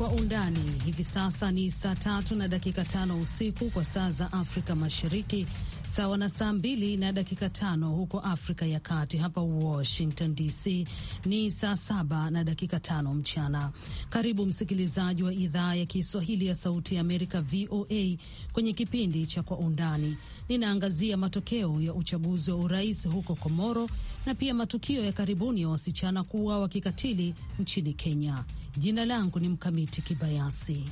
Kwa undani hivi sasa ni saa tatu na dakika tano usiku kwa saa za Afrika Mashariki sawa na saa mbili na dakika tano huko Afrika ya Kati. Hapa Washington DC ni saa saba na dakika tano mchana. Karibu msikilizaji wa idhaa ya Kiswahili ya Sauti ya Amerika, VOA, kwenye kipindi cha Kwa Undani. Ninaangazia matokeo ya uchaguzi wa urais huko Komoro na pia matukio ya karibuni ya wasichana kuuawa kikatili nchini Kenya. Jina langu ni Mkamiti Kibayasi.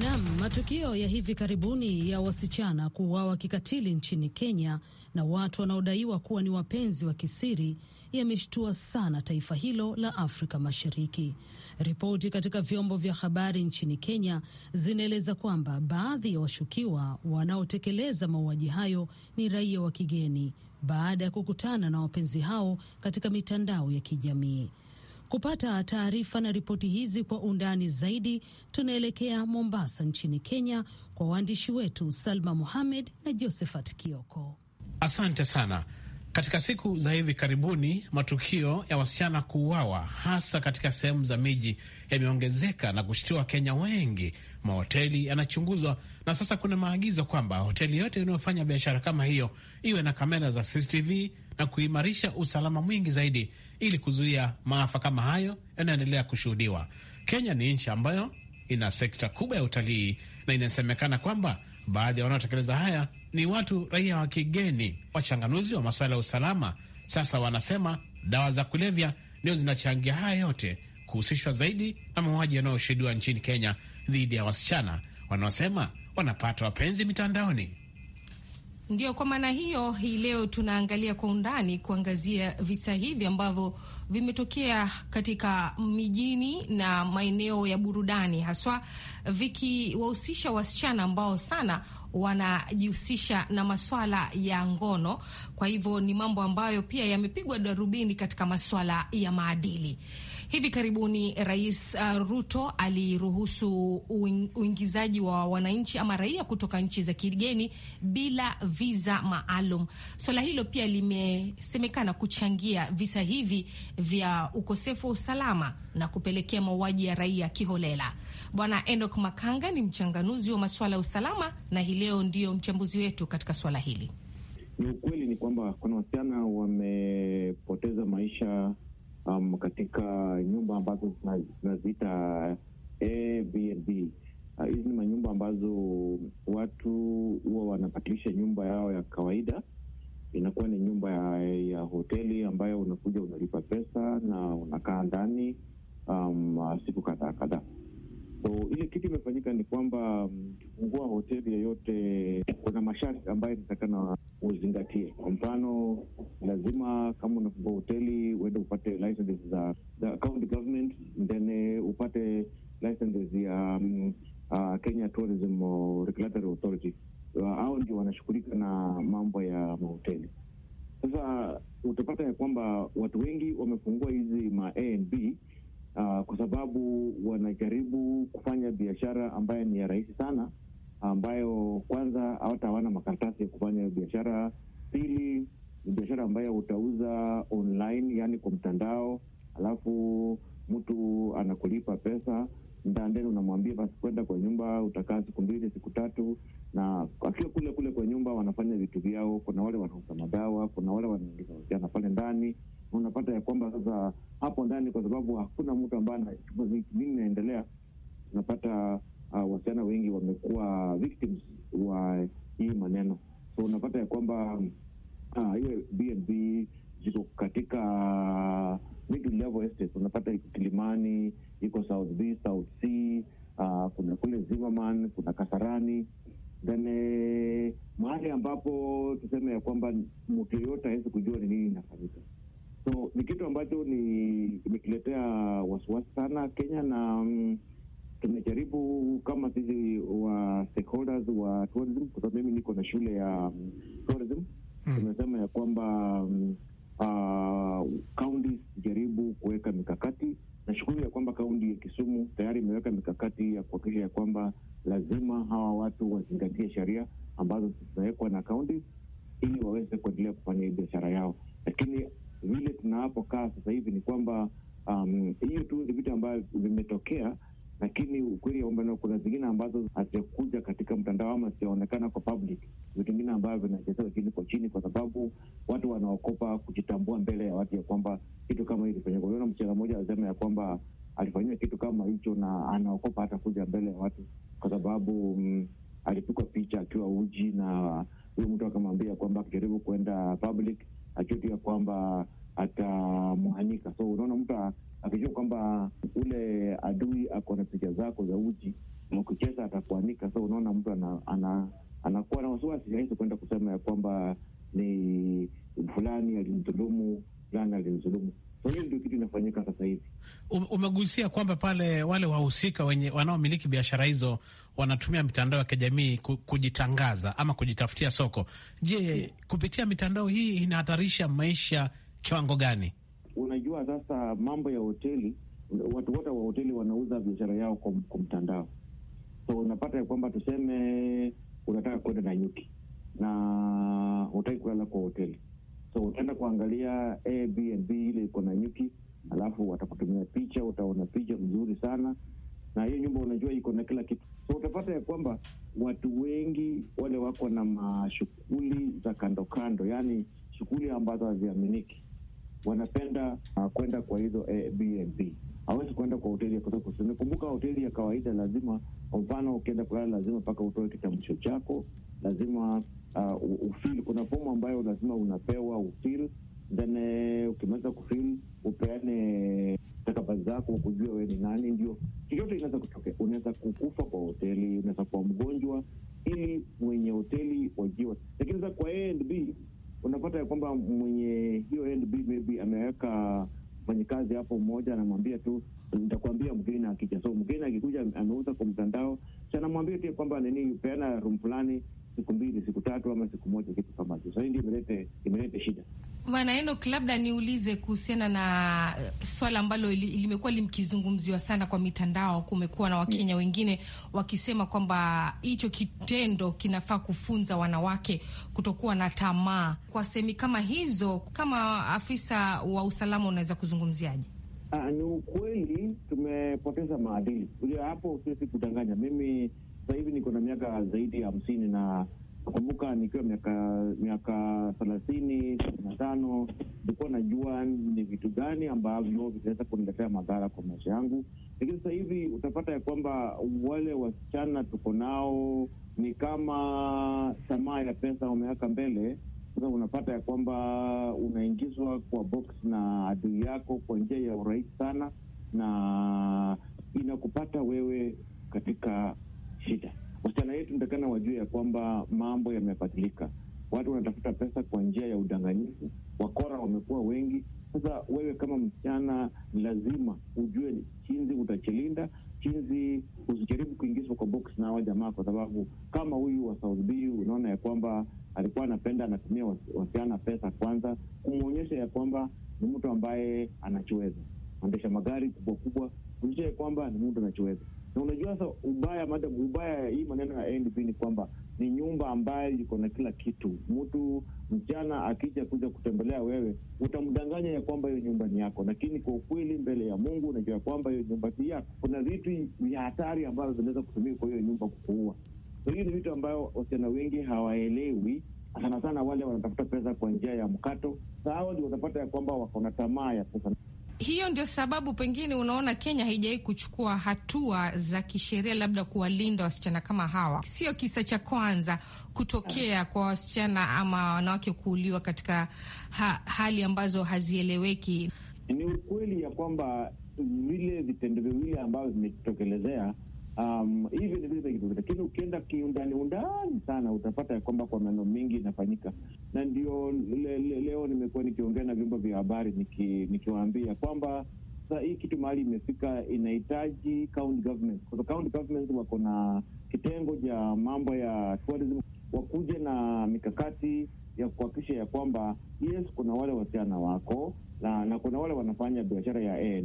Nam, matukio ya hivi karibuni ya wasichana kuuawa kikatili nchini Kenya na watu wanaodaiwa kuwa ni wapenzi wa kisiri yameshtua sana taifa hilo la Afrika Mashariki. Ripoti katika vyombo vya habari nchini Kenya zinaeleza kwamba baadhi ya washukiwa wanaotekeleza mauaji hayo ni raia wa kigeni baada ya kukutana na wapenzi hao katika mitandao ya kijamii. Kupata taarifa na ripoti hizi kwa undani zaidi, tunaelekea Mombasa nchini Kenya kwa waandishi wetu Salma Mohamed na Josephat Kioko. Asante sana. Katika siku za hivi karibuni matukio ya wasichana kuuawa hasa katika sehemu za miji yameongezeka na kushtua Wakenya wengi. Mahoteli yanachunguzwa na sasa kuna maagizo kwamba hoteli yote inayofanya biashara kama hiyo iwe na kamera za CCTV na kuimarisha usalama mwingi zaidi ili kuzuia maafa kama hayo yanayoendelea kushuhudiwa. Kenya ni nchi ambayo ina sekta kubwa ya utalii na inasemekana kwamba baadhi ya wanaotekeleza haya ni watu raia wa kigeni. Wachanganuzi wa masuala ya usalama sasa wanasema dawa za kulevya ndio zinachangia haya yote, kuhusishwa zaidi na mauaji yanayoshuhudiwa nchini Kenya dhidi ya wasichana wanaosema wanapata wapenzi mitandaoni. Ndio, kwa maana hiyo hii leo tunaangalia kwa undani kuangazia visa hivi ambavyo vimetokea katika mijini na maeneo ya burudani, haswa vikiwahusisha wasichana ambao sana wanajihusisha na maswala ya ngono. Kwa hivyo ni mambo ambayo pia yamepigwa darubini katika maswala ya maadili. Hivi karibuni eh, Rais uh, Ruto aliruhusu uingizaji wa wananchi ama raia kutoka nchi za kigeni bila visa maalum. Swala hilo pia limesemekana kuchangia visa hivi vya ukosefu wa usalama na kupelekea mauaji ya raia kiholela. Bwana Enoch Makanga ni mchanganuzi wa masuala ya usalama na hii leo ndio mchambuzi wetu katika swala hili. Ni ukweli ni kwamba kuna wasichana wamepoteza maisha um, katika nyumba ambazo zinaziita eh, abnb ah, Hizi uh, ni manyumba ambazo watu huwa wanabadilisha nyumba yao ya kawaida, inakuwa ni nyumba ya, ya hoteli ambayo unakuja unalipa pesa na unakaa ndani um, siku kadhaa kadhaa. So ile kitu imefanyika ni kwamba mm, ukifungua hoteli yeyote kuna masharti ambayo inatakana uzingatie. Kwa mfano, lazima kama unafungua hoteli uende upate licenses za the county government, then eh, upate licenses ya um, uh, Kenya Tourism Regulatory Authority. Uh, hao ndio wanashughulika na mambo ya mahoteli. Sasa utapata ya kwamba watu wengi wamefungua hizi ma A&B uh, kwa sababu wanajaribu kufanya biashara ambayo ni ya rahisi sana, ambayo kwanza hata hawana makaratasi ya kufanya biashara. Pili ni biashara ambayo utauza online, yaani kwa mtandao, alafu mtu anakulipa pesa ndandeni, unamwambia basi kwenda kwa nyumba, utakaa siku mbili, siku tatu, na wakiwa kule kule kwa nyumba wanafanya vitu vyao. Kuna wale wanauza madawa, kuna wale wanaingiza vijana pale ndani. Unapata ya kwamba sasa hapo ndani, kwa sababu hakuna mtu ambaye nini inaendelea, unapata uh, wasichana wengi wamekuwa victims wa hii maneno, so unapata ya kwamba ah, hiyo uh, BnB ziko katika middle level unapata iko Kilimani, iko South B, South C, uh, kuna kule Zimmerman, kuna Kasarani then eh, mahali ambapo tuseme ya kwamba mtu yoyote awezi kujua ni nini inafanyika. So ni kitu ambacho ni imetuletea wasiwasi sana Kenya na um, tumejaribu kama sisi wa stakeholders wa tourism, kwa sababu mimi niko na shule ya um, tourism mm. Tumesema ya kwamba um, mm, uh, ah, kaunti jaribu kuweka mikakati Nashukuru ya kwamba kaunti ya Kisumu tayari imeweka mikakati ya kuhakikisha ya kwamba lazima hawa watu wazingatie sheria ambazo zitawekwa na kaunti ili waweze kuendelea kufanya biashara yao, lakini vile tunapokaa sasa hivi ni kwamba um, hiyo um, tu ni vitu ambavyo vimetokea lakini ukweli kwamba kuna zingine ambazo hazijakuja katika mtandao ama hazijaonekana kwa public, vingine ambavyo vinachezea chini kwa chini, kwa sababu watu wanaokopa kujitambua mbele ya watu ya kwamba kitu kama hii ilifanyika. Uliona mcheza mmoja alisema ya kwamba alifanyiwa kitu kama hicho na anaokopa hata kuja mbele ya watu kwa sababu mm, alipigwa picha akiwa uji na huyo mtu akamwambia kwamba akijaribu kuenda public akiwa kwamba atamwanyika. So unaona mtu akijua kwamba ule adui ako na picha zako za uchi mkicheza atakuanika. So unaona mtu anakuwa na wasiwasi rahisi kwenda kusema ya kwamba ni fulani alimdhulumu, fulani alimdhulumu. So hiyo ndio kitu inafanyika sasa hivi. Um-, umegusia kwamba pale wale wahusika wenye wanaomiliki biashara hizo wanatumia mitandao ya kijamii kujitangaza ama kujitafutia soko. Je, kupitia mitandao hii inahatarisha maisha kiwango gani? Unajua, sasa mambo ya hoteli, watu wote wa hoteli wanauza biashara yao kwa mtandao, so unapata ya kwamba tuseme unataka kwenda na nyuki na hutaki kulala kwa hoteli, so utaenda kuangalia Airbnb ile iko na nyuki, alafu watakutumia picha, utaona picha mzuri sana na hiyo nyumba unajua iko na kila kitu, so utapata ya kwamba watu wengi wale wako na mashughuli za kando kando, yani shughuli ambazo haziaminiki wanapenda uh, kwenda kwa hizo Airbnb. Hawezi kuenda kwa hoteli ya kutoka kusini. Kumbuka hoteli ya kawaida lazima, kwa mfano, ukienda kulala lazima mpaka utoe kitambulisho chako, lazima uh, ah, ufil. Kuna fomu ambayo lazima unapewa ufil, then eh, ukimaliza kufil upeane stakabadhi zako, kujua wewe ni nani. Ndio chochote inaweza kutokea. Unaweza kukufa kwa hoteli, unaweza kuwa mgonjwa, ili mwenye hoteli wajua, lakini za kwa Airbnb unapata ya kwamba mwenye hiyo NB maybe ameweka mfanyikazi hapo mmoja, anamwambia tu ntakuambia mgeni akija. So mgeni akikuja ameuza kwa mtandao, si anamwambia tu kwamba nini, peana room fulani siku mbili, siku tatu ama siku moja, kitu kama hicho. Sasa hii ndio imelete imelete shida. Bwana Enok, labda niulize kuhusiana na eh, swala ambalo limekuwa limkizungumziwa sana kwa mitandao. Kumekuwa na Wakenya wengine wakisema kwamba hicho kitendo kinafaa kufunza wanawake kutokuwa na tamaa. Kwa semi kama hizo, kama afisa wa usalama, unaweza kuzungumziaje? Ah, ni ukweli tumepoteza maadili, hapo siwezi kudanganya mimi sasa hivi niko na miaka zaidi ya hamsini na kumbuka nikiwa miaka miaka thelathini na tano nilikuwa najua ni vitu gani ambavyo vitaweza kuniletea madhara kwa maisha yangu, lakini sasa hivi utapata ya kwamba wale wasichana tuko nao ni kama tamaa ya pesa wameweka mbele. Sasa unapata ya kwamba unaingizwa kwa box na adui yako kwa njia ya urahisi sana, na inakupata wewe katika shida. Wasichana wetu nitakana wajue ya kwamba mambo yamebadilika, watu wanatafuta pesa kwa njia ya udanganyifu, wakora wamekuwa wengi. Sasa wewe kama msichana ni lazima ujue jinsi utachilinda, chinzi usijaribu kuingizwa kwa box na hawa jamaa, kwa sababu kama huyu wa South B unaona ya kwamba alikuwa anapenda anatumia wasichana pesa kwanza, kumwonyesha ya kwamba ni mtu ambaye anachiweza, andesha magari kubwa kubwa, kuonyesha ya kwamba ni mtu anachiweza. Na unajua sa ubaya mada, ubaya hii maneno ya NDP ni kwamba ni nyumba ambayo iko na kila kitu. Mtu mchana akija kuja kutembelea wewe, utamdanganya ya kwamba hiyo nyumba ni yako, lakini kwa ukweli mbele ya Mungu unajua kwamba hiyo nyumba si yako. Kuna vitu vya hatari ambavyo vinaweza kutumika kwa hiyo nyumba kukuua. So hii ni vitu ambayo wasichana wengi hawaelewi, sana sana wale wanatafuta pesa kwa njia ya mkato. Sawa, ndio watapata ya kwamba wako na tamaa ya pesa hiyo ndio sababu pengine unaona Kenya haijawai kuchukua hatua za kisheria labda kuwalinda wasichana kama hawa. Sio kisa cha kwanza kutokea ah. kwa wasichana ama wanawake kuuliwa katika ha hali ambazo hazieleweki. Ni ukweli ya kwamba vile vitendo viwili ambavyo vimetokelezea Um, hivi ni vile kitu, lakini ukienda kiundani undani sana utapata ya kwamba kwa maneno mengi inafanyika, na ndio le, le, leo nimekuwa nikiongea na vyombo vya habari nikiwaambia niki kwamba sasa hii kitu mahali imefika inahitaji county government, kwa county government wako na kitengo cha ja mambo ya tourism, wakuje na mikakati ya kuhakikisha ya kwamba yes, kuna wale wasichana wako na, na kuna wale wanafanya biashara ya A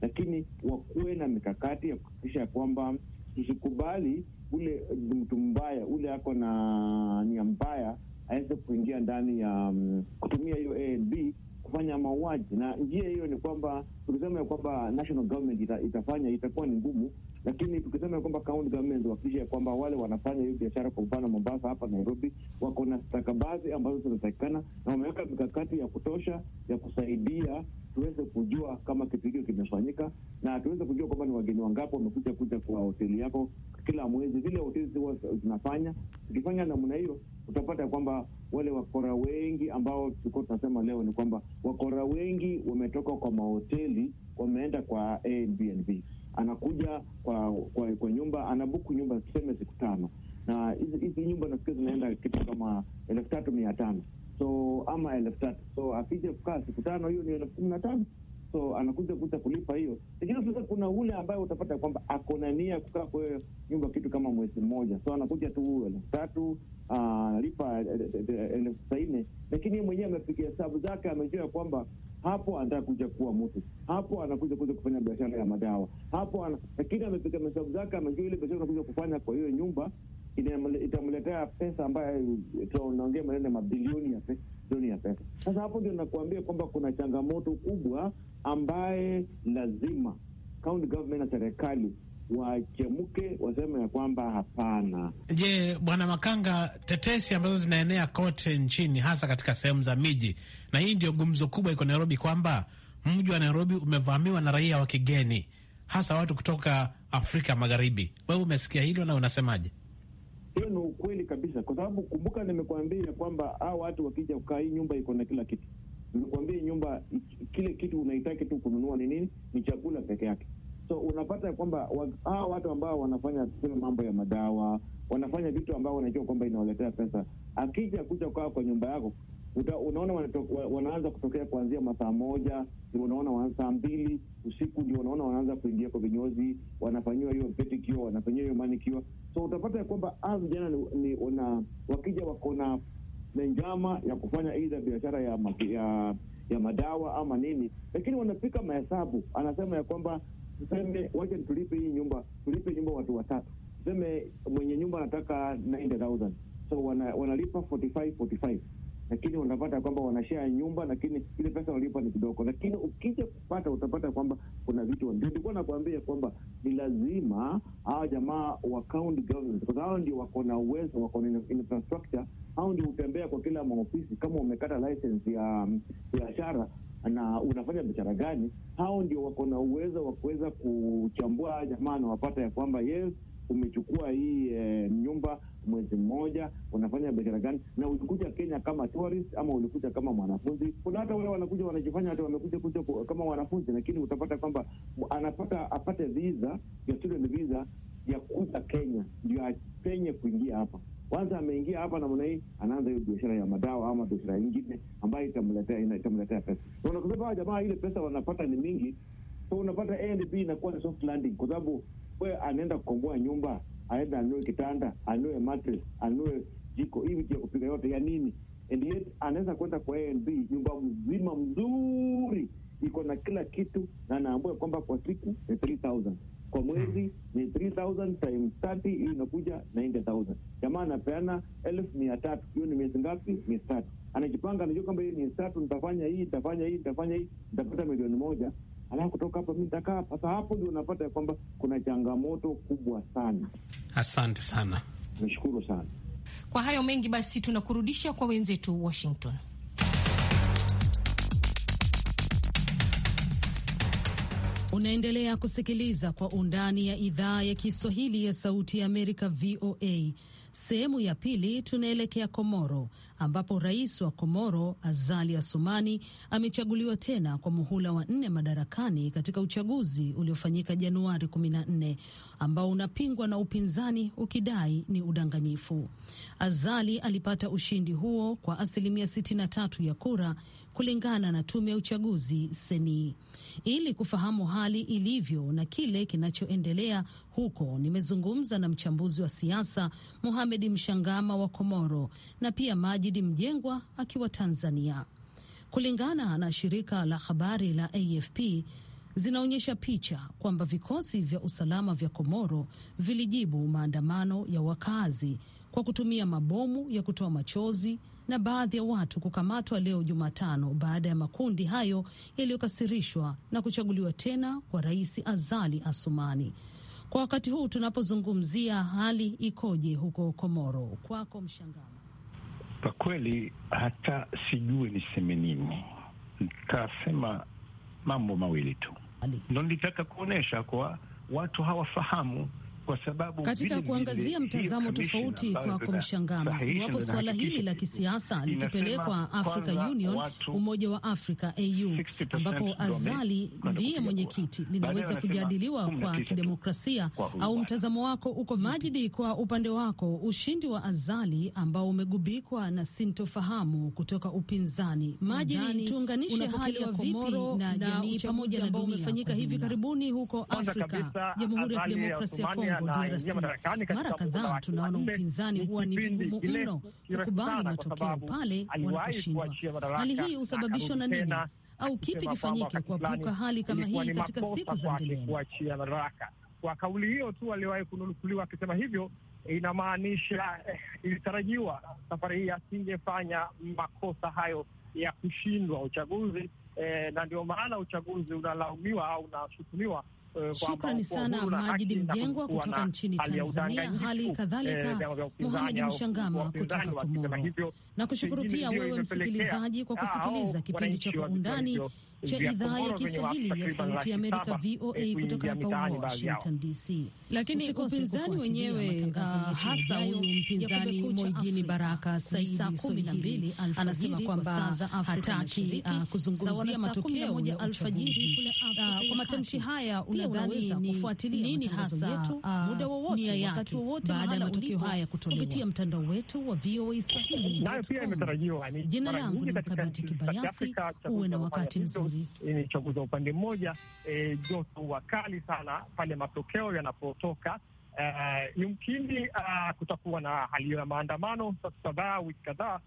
lakini wakuwe na mikakati ya kuhakikisha ya kwamba tusikubali ule mtu mbaya ule ako na nia mbaya aweze kuingia ndani ya um, kutumia hiyo anb kufanya mauaji. Na njia hiyo ni kwamba tulisema ya kwamba national government ita, itafanya itakuwa ni ngumu, lakini tukisema kwamba county government wahakikishe kwamba wale wanafanya hiyo biashara, kwa mfano Mombasa hapa Nairobi, wako na stakabadhi ambazo zinatakikana na wameweka mikakati ya kutosha ya kusaidia tuweze kujua kama kitu hicho kimefanyika na tuweze kujua kwamba ni wageni wangapi wamekuja kuja kwa hoteli yako kila mwezi. Zile hoteli huwa zinafanya ukifanya namna hiyo, utapata kwamba wale wakora wengi ambao tulikuwa tunasema leo ni kwamba wakora wengi wametoka kwa mahoteli wameenda kwa Airbnb anakuja kwa kwa, kwa nyumba anabuku nyumba tuseme siku tano, na hizi nyumba nasikia zinaenda kitu kama elfu tatu mia tano so ama elfu tatu so akija kukaa siku tano, hiyo ni elfu kumi na tano so anakuja kuja kulipa hiyo. Lakini sasa kuna ule ambaye utapata kwamba ako na nia kukaa kwa hiyo nyumba kitu kama mwezi mmoja, so anakuja tu elfu tatu analipa ah, eh, eh, eh, elfu tisaini, lakini mwenyewe amepiga hesabu zake, amejua kwamba hapo anataka kuja kuwa mtu, hapo anakuja kuja kufanya biashara ya madawa hapo, lakini amepiga mahesabu zake, amejua ile biashara anakuja kufanya kwa hiyo nyumba itamletea pesa ambayo tunaongea maneno mabilioni ya pesa, bilioni ya pesa. Sasa hapo ndio nakuambia kwamba kuna changamoto kubwa ambaye lazima county government na serikali wachemke waseme ya kwamba hapana. Je, Bwana Makanga, tetesi ambazo zinaenea kote nchini hasa katika sehemu za miji, na hii ndio gumzo kubwa iko Nairobi, kwamba mji wa Nairobi umevamiwa na raia wa kigeni, hasa watu kutoka Afrika Magharibi. Wewe umesikia hilo na unasemaje? Hiyo ni ukweli kabisa, kwa sababu kumbuka, nimekuambia kwamba hao watu wakija kukaa, hii nyumba iko na kila kitu. Nimekuambia nyumba, kile kitu unahitaki tu kununua ni nini? Ni chakula peke yake So unapata kwamba hawa watu ambao wanafanya tuseme mambo ya madawa, wanafanya vitu ambao wanajua kwamba inawaletea pesa, akija kuja kwao kwa nyumba yako uta, unaona wanaanza kutokea kuanzia masaa moja, unaona saa mbili usiku ndio unaona wanaanza kuingia kwa vinyozi, wanafanyiwa hiyo pedicure, wanafanyiwa hiyo manicure. So utapata kwamba a vijana ni, ni una, wakija wako na njama ya kufanya aidha biashara ya, ya ya madawa ama nini, lakini wanapika mahesabu, anasema ya kwamba tuseme wacha tulipe hii nyumba, tulipe nyumba watu watatu, tuseme mwenye nyumba anataka 90,000 so wana, wanalipa 45 45 lakini wanapata kwamba wanashare nyumba, lakini ile pesa walipa ni kidogo. Lakini ukija kupata utapata kwamba kuna vitu ndio nilikuwa nakwambia kwamba ni lazima hawa jamaa wa county government, kwa sababu ndio wako na uwezo, wako na infrastructure, au ndio utembea kwa kila maofisi. Kama umekata license ya biashara, na unafanya biashara gani, hao ndio wako na uwezo wa kuweza kuchambua. Jamaa anawapata ya kwamba yes, umechukua hii e, nyumba mwezi mmoja, unafanya biashara gani, na ulikuja Kenya kama tourist ama ulikuja kama mwanafunzi. Kuna hata wale wanakuja wanajifanya hata wamekuja kuja kama wanafunzi, lakini utapata kwamba anapata apate visa ya student visa ya kuja Kenya ndio apenye kuingia hapa. Kwanza ameingia hapa namna hii, anaanza hiyo biashara ya madawa ama biashara nyingine ambayo itamletea itamletea pesa. Unaona, kwa sababu jamaa ile pesa wanapata ni mingi, so unapata A B inakuwa ni soft landing, kwa sababu we anaenda kukomboa nyumba, aenda anue kitanda, anue mattress, anue jiko hivi ya kupiga yote ya nini, and yet anaweza kwenda kwa ANB, nyumba mzima mzuri iko na kila kitu, na anaambua kwamba kwa siku ni 3000 kwa mwezi mm. ni 3000 times 30, hii inakuja 90000 Jamaa anapeana elfu mia tatu, hiyo ni miezi ngapi? Miezi tatu. Anajipanga, anajua kwamba hii ni tatu nitafanya hii, nitafanya hii, nitafanya hii, nitapata milioni moja Alafu kutoka hapa mi nitakaa hapa. Sasa hapo ndio unapata ya kwamba kuna changamoto kubwa sana. Asante sana, nashukuru sana kwa hayo mengi. Basi tunakurudisha kwa wenzetu Washington. Unaendelea kusikiliza Kwa Undani ya idhaa ya Kiswahili ya Sauti ya Amerika, VOA. Sehemu ya pili, tunaelekea Komoro ambapo rais wa Komoro Azali Asumani amechaguliwa tena kwa muhula wa nne madarakani katika uchaguzi uliofanyika Januari 14 ambao unapingwa na upinzani ukidai ni udanganyifu. Azali alipata ushindi huo kwa asilimia 63 ya kura kulingana na tume ya uchaguzi seni ili kufahamu hali ilivyo na kile kinachoendelea huko. Nimezungumza na mchambuzi wa siasa muhamedi Mshangama wa Komoro na pia Majidi Mjengwa akiwa Tanzania. Kulingana na shirika la habari la AFP zinaonyesha picha kwamba vikosi vya usalama vya Komoro vilijibu maandamano ya wakazi kwa kutumia mabomu ya kutoa machozi na baadhi ya watu kukamatwa leo Jumatano baada ya makundi hayo yaliyokasirishwa na kuchaguliwa tena kwa Rais Azali Asumani. Kwa wakati huu tunapozungumzia, hali ikoje huko Komoro? Kwako Mshangama. Kwa kweli hata sijue niseme nini, nitasema mambo mawili tu, ndo nilitaka kuonyesha kwa watu hawafahamu kwa sababu katika kuangazia mtazamo tofauti kwako mshangama, iwapo suala hili la kisiasa likipelekwa Africa Union, Umoja wa Afrika AU, ambapo Azali ndiye mwenyekiti, linaweza kujadiliwa kwa kidemokrasia kwa au mtazamo wako uko Majidi? Kwa upande wako ushindi wa Azali ambao umegubikwa na sintofahamu kutoka upinzani, Majidi, tuunganishe hali ya Komoro na jamii pamoja na dunia umefanyika hivi karibuni huko Afrika, Jamhuri ya Kidemokrasia ya Kongo huko DRC. Mara kadhaa tunaona upinzani huwa ni vigumu mno kukubali matokeo pale wanaposhindwa. Hali hii husababishwa na nini, au kipi kifanyike kuepuka hali kama hii katika siku za mbeleni? Kwa kauli hiyo tu aliwahi kunukuliwa akisema hivyo, inamaanisha eh, ilitarajiwa safari hii asingefanya makosa hayo ya kushindwa uchaguzi eh, na ndio maana uchaguzi unalaumiwa au unashutumiwa Eh, Shukrani sana Majidi Mjengwa kutoka nchini Tanzania, hali eh, kadhalika Muhamedi Mshangama kutoka Komoro. Na kushukuru pia wewe msikilizaji kwa kusikiliza kipindi cha Kwa Undani cha idhaa ya Kiswahili ya Sauti ya Amerika VOA eh, kutoka hapa Washington DC. Lakini upinzani wenyewe ah, hasa huyu mpinzani Mwigini Baraka Saidi Soihili anasema kwamba hataki ah, kuzungumzia matokeo ya alfajiri. Ah, kwa matamshi haya, unadhani nini hasa muda wowote, wakati wowote, baada ya matokeo haya kutolewa kupitia mtandao wetu wa VOA Swahili? Jina langu ni Mkamiti Kibayasi, uwe na wakati mzuri hii ni chaguzi wa upande mmoja, e, joto wa wakali sana pale matokeo yanapotoka. Yumkini e, uh, kutakuwa na hali hiyo ya maandamano sasa kadhaa, wiki kadhaa.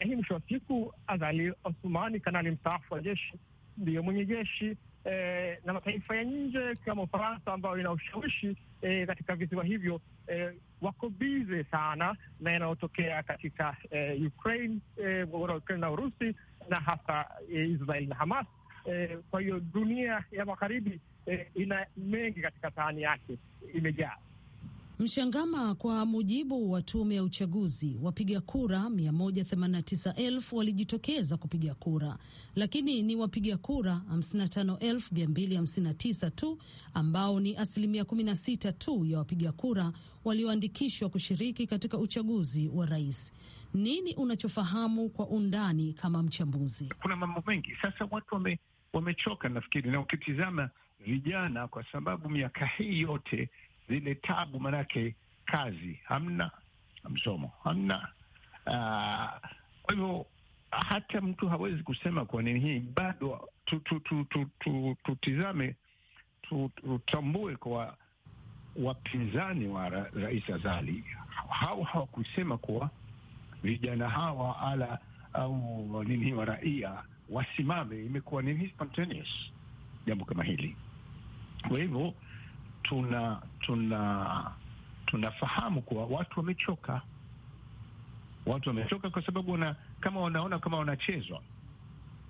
E, hii mwisho wa siku, Azali Osumani, kanali mstaafu wa jeshi, ndiyo mwenye jeshi eh, na mataifa ya nje kama Ufaransa ambayo ina ushawishi eh, katika visiwa hivyo eh, wako bize sana na yanayotokea katika eh, Ukraine, mgogoro wa na Urusi na hasa eh, Israel na Hamas eh, kwa hiyo dunia ya magharibi eh, ina mengi katika sahani yake imejaa Mshangama. Kwa mujibu wa tume ya uchaguzi, wapiga kura 189,000 walijitokeza kupiga kura, lakini ni wapiga kura 55,259 tu ambao ni asilimia 16 tu ya wapiga kura walioandikishwa kushiriki katika uchaguzi wa rais. Nini unachofahamu kwa undani kama mchambuzi? Kuna mambo mengi sasa, watu wame wamechoka nafikiri, na ukitizama vijana, kwa sababu miaka hii yote zile tabu, maanake kazi hamna, msomo hamna. Ah, kwa hivyo hata mtu hawezi kusema kwa nini hii bado. Tutizame, tutambue kwa wapinzani wa ra, Rais Azali hao hawakusema kuwa vijana hawa ala au nini wa raia wasimame, imekuwa ni spontaneous jambo kama hili. Kwa hivyo tuna tuna tunafahamu kuwa watu wamechoka, watu wamechoka kwa sababu wana, kama wanaona kama wanachezwa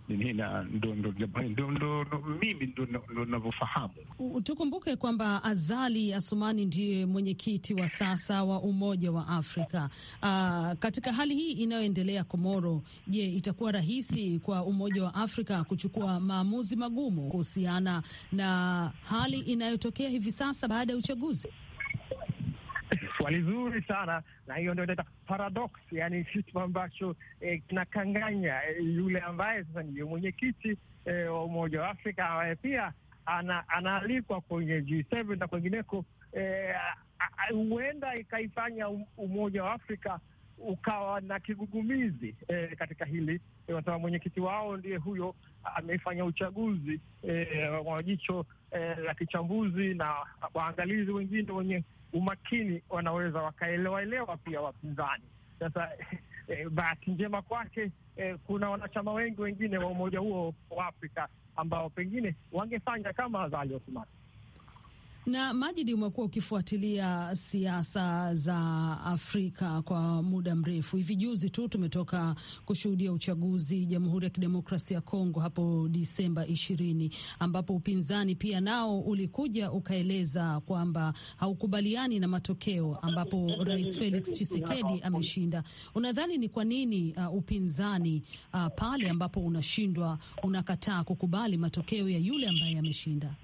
nini na ndo ndo, ndo, ndo, mimi ndo ninavyofahamu. Tukumbuke kwamba Azali Asumani ndiye mwenyekiti wa sasa wa Umoja wa Afrika. Uh, katika hali hii inayoendelea Komoro, je, itakuwa rahisi kwa Umoja wa Afrika kuchukua maamuzi magumu kuhusiana na hali inayotokea hivi sasa baada ya uchaguzi? Swali zuri sana, na hiyo ndio inaitwa paradox, yani kitu ambacho eh, kinakanganya eh, yule ambaye sasa ndiyo mwenyekiti eh, wa Umoja wa Afrika ambaye pia ana, anaalikwa kwenye G7 na kwengineko eh, huenda eh, ikaifanya um, Umoja wa Afrika ukawa na kigugumizi eh, katika hili eh, wanasema mwenyekiti wao ndiye huyo amefanya uchaguzi eh, wa jicho eh, la kichambuzi na waangalizi wengine wenye umakini, wanaweza wakaelewaelewa pia wapinzani. Sasa eh, bahati njema kwake eh, kuna wanachama wengi wengine wa umoja huo wa Afrika ambao pengine wangefanya kama Azali Othman. Na Majidi, umekuwa ukifuatilia siasa za Afrika kwa muda mrefu. Hivi juzi tu tumetoka kushuhudia uchaguzi Jamhuri ya Kidemokrasia ya Kongo hapo Disemba ishirini, ambapo upinzani pia nao ulikuja ukaeleza kwamba haukubaliani na matokeo, ambapo Rais Felix Tshisekedi ameshinda. Unadhani ni kwa nini uh, upinzani uh, pale ambapo unashindwa unakataa kukubali matokeo ya yule ambaye ameshinda?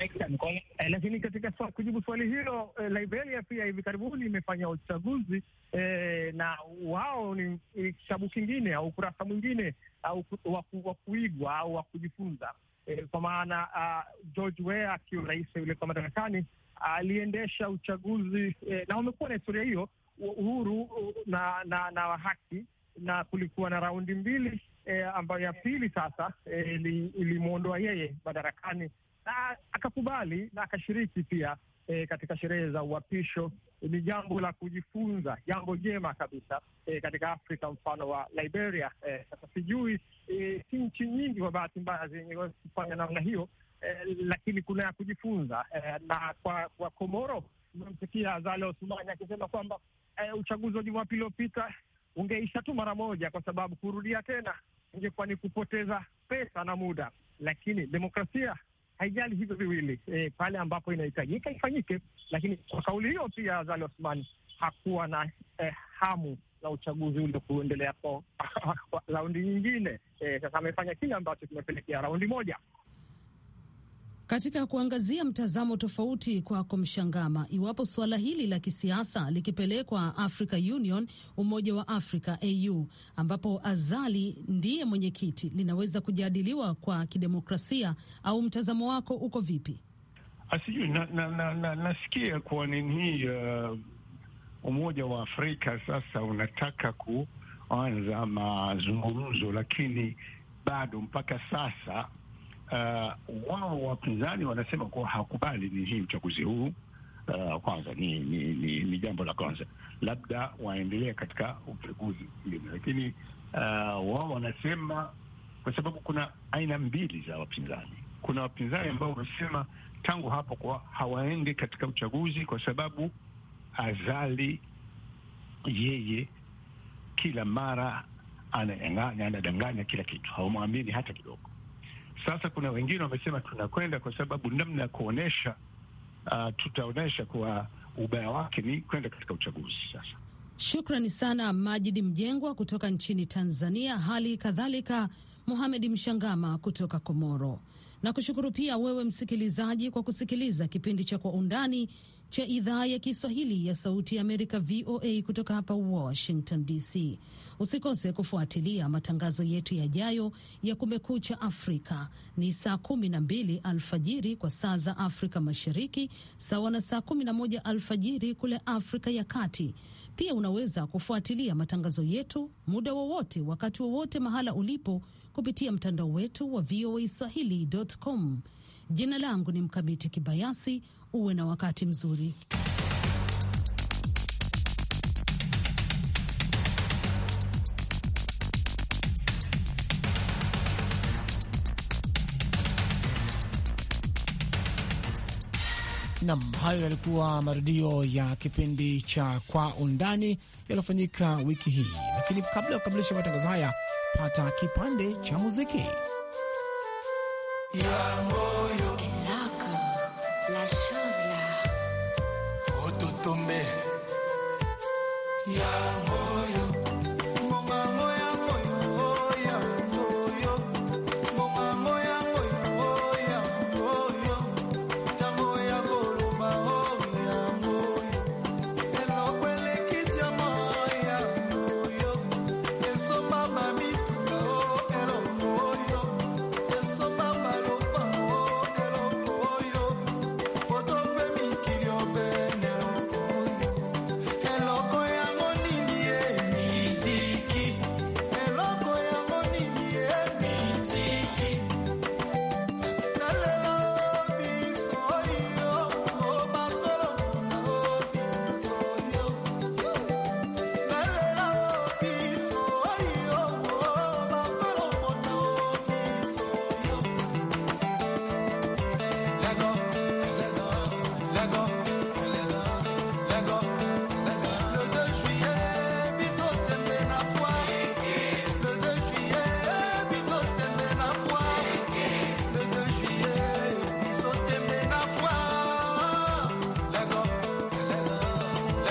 Eh, lakini katika swa, kujibu swali hilo eh, Liberia pia hivi karibuni imefanya uchaguzi eh, na wao ni kitabu kingine au ukurasa mwingine au wa kuigwa au wa kujifunza eh, kwa maana uh, George Weah akiwa rais kwa madarakani aliendesha uchaguzi eh, na wamekuwa na historia hiyo uhuru na na, na haki na kulikuwa na raundi mbili eh, ambayo ya pili sasa eh, ilimwondoa yeye madarakani na akakubali na akashiriki pia e, katika sherehe za uapisho. Ni jambo la kujifunza, jambo jema kabisa e, katika Afrika, mfano wa Liberia. E, sasa e, sijui e, si nchi nyingi kwa bahati mbaya zenye kufanya namna hiyo e, lakini kuna ya kujifunza e, na kwa, kwa Komoro umemsikia Azali Osumani akisema kwamba e, uchaguzi wa Jumapili uliopita ungeisha tu mara moja, kwa sababu kurudia tena ingekuwa ni kupoteza pesa na muda, lakini demokrasia haijali hivyo viwili e, pale ambapo inahitajika ifanyike. Lakini kwa kauli hiyo tu ya Azali Osman hakuwa na eh, hamu la uchaguzi ule kuendelea kwa raundi nyingine. E, sasa eh, amefanya kile ambacho kimepelekea raundi moja katika kuangazia mtazamo tofauti kwako Mshangama, iwapo suala hili la kisiasa likipelekwa Africa Union, Umoja wa africa AU, ambapo Azali ndiye mwenyekiti, linaweza kujadiliwa kwa kidemokrasia, au mtazamo wako uko vipi? Ah, sijui na, na, na, na, nasikia kwa nini hii uh, Umoja wa Afrika sasa unataka kuanza mazungumzo, lakini bado mpaka sasa Uh, wao wapinzani wanasema kuwa hakubali ni hii uchaguzi huu. Uh, kwanza ni ni, ni ni jambo la kwanza, labda waendelee katika uchaguzi mwingine, lakini uh, wao wanasema kwa sababu kuna aina mbili za wapinzani. Kuna wapinzani ambao wamesema tangu hapo kuwa hawaendi katika uchaguzi kwa sababu Azali yeye kila mara anadanganya, anadanganya kila kitu, hawamwamini hata kidogo. Sasa kuna wengine wamesema tunakwenda kwa sababu namna ya kuonyesha uh, tutaonyesha kwa ubaya wake ni kwenda katika uchaguzi sasa. Shukrani sana Majidi Mjengwa kutoka nchini Tanzania, hali kadhalika Muhamedi Mshangama kutoka Komoro. Na kushukuru pia wewe msikilizaji kwa kusikiliza kipindi cha Kwa Undani cha idhaa ya Kiswahili ya Sauti ya Amerika, VOA, kutoka hapa Washington DC. Usikose kufuatilia matangazo yetu yajayo ya Kumekucha Afrika. Ni saa 12 alfajiri kwa saa za Afrika Mashariki, sawa na saa 11 alfajiri kule Afrika ya Kati. Pia unaweza kufuatilia matangazo yetu muda wowote, wakati wowote, mahala ulipo kupitia mtandao wetu wa Swahili.com. Jina langu ni Mkamiti Kibayasi uwe na wakati mzuri. Nam, hayo yalikuwa marudio ya kipindi cha Kwa Undani yaliyofanyika wiki hii, lakini kabla ya kukamilisha matangazo haya, pata kipande cha muziki ya moyo.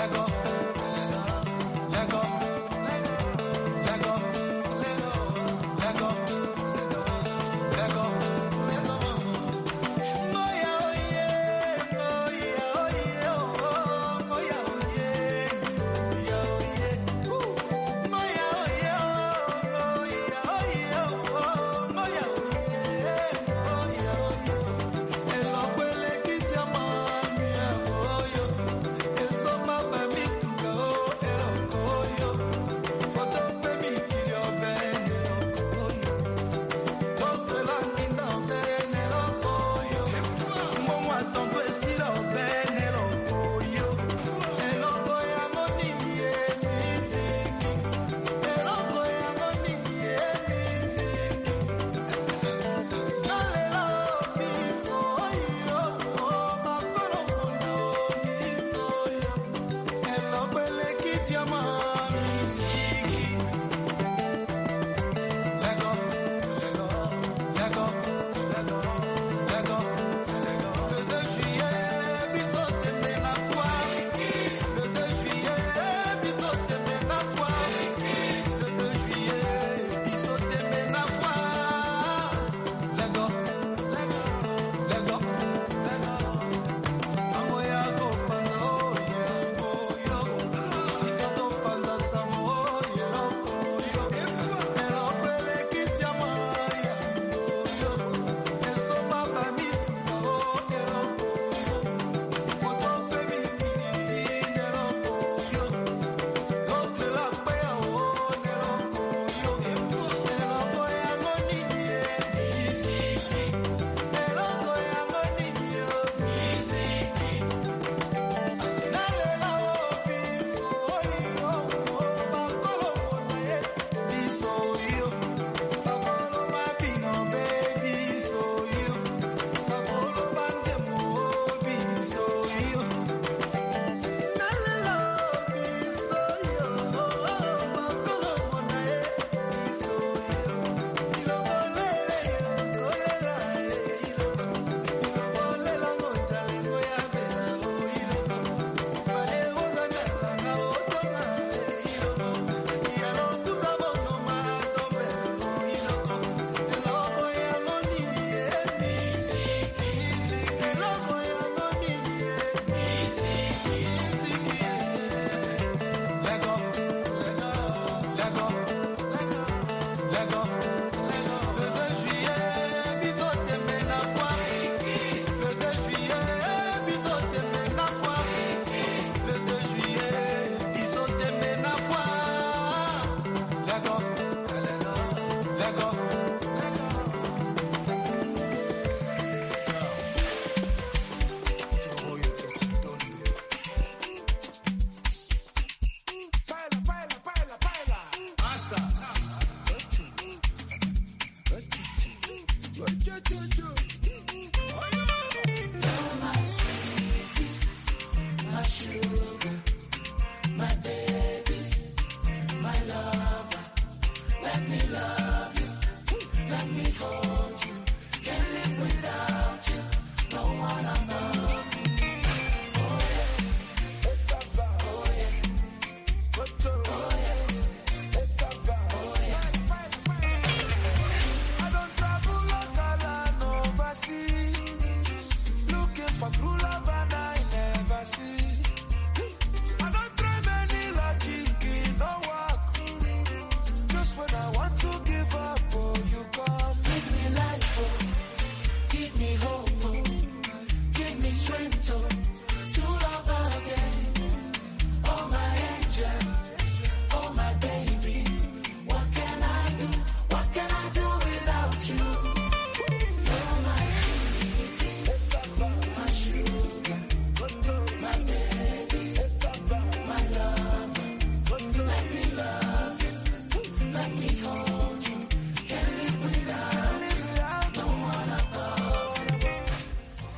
I go.